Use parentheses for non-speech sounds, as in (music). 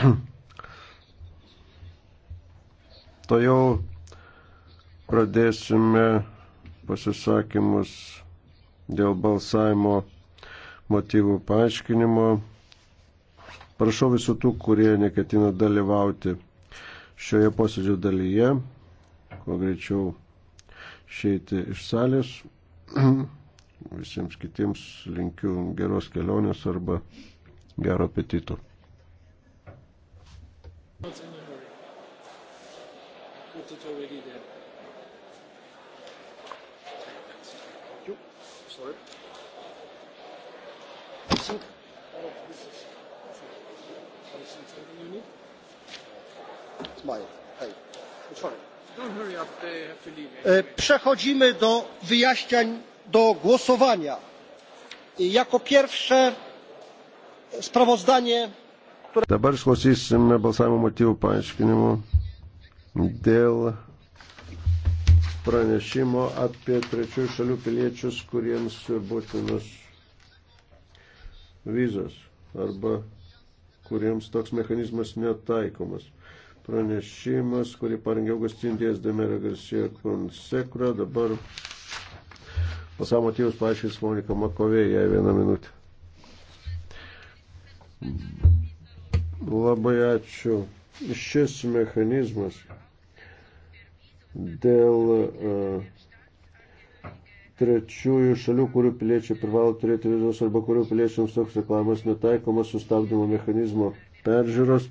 (clears throat) to jau pradėsime pasisakymus dėl balsavimo motyvų paaiškinimo. Prašau visų tų, kurie neketina dalyvauti šioje posėdžio dalyje, kuo greičiau išeiti iš salės. (clears throat) Visiems kitiems linkiu geros kelionės arba gero apetito. Not in a hurry. Put it already there. Thank you. Sorry. I think all of this is something you need. Smile. Hey. Sorry. Don't hurry up. They have to leave. Anyway. Przechodzimy do wyjaśniań do głosowania. Jako pierwsze sprawozdanie Dabar išklausysime balsavimo motyvų paaiškinimų dėl pranešimo apie trečiųjų šalių piliečius, kuriems būtinos vizas arba kuriems toks mechanizmas netaikomas. Pranešimas, kurį parengiau Gustindijas Demera Garcia Konsekra, dabar pasaulio motyvus paaiškins Monika Makovė, jai vieną minutę. Labai ačiū. Šis mechanizmas dėl uh, trečiųjų šalių, kurių piliečiai privalo turėti vizos arba kurių piliečiams toks reklamas netaikomas sustabdymo mechanizmo peržiūros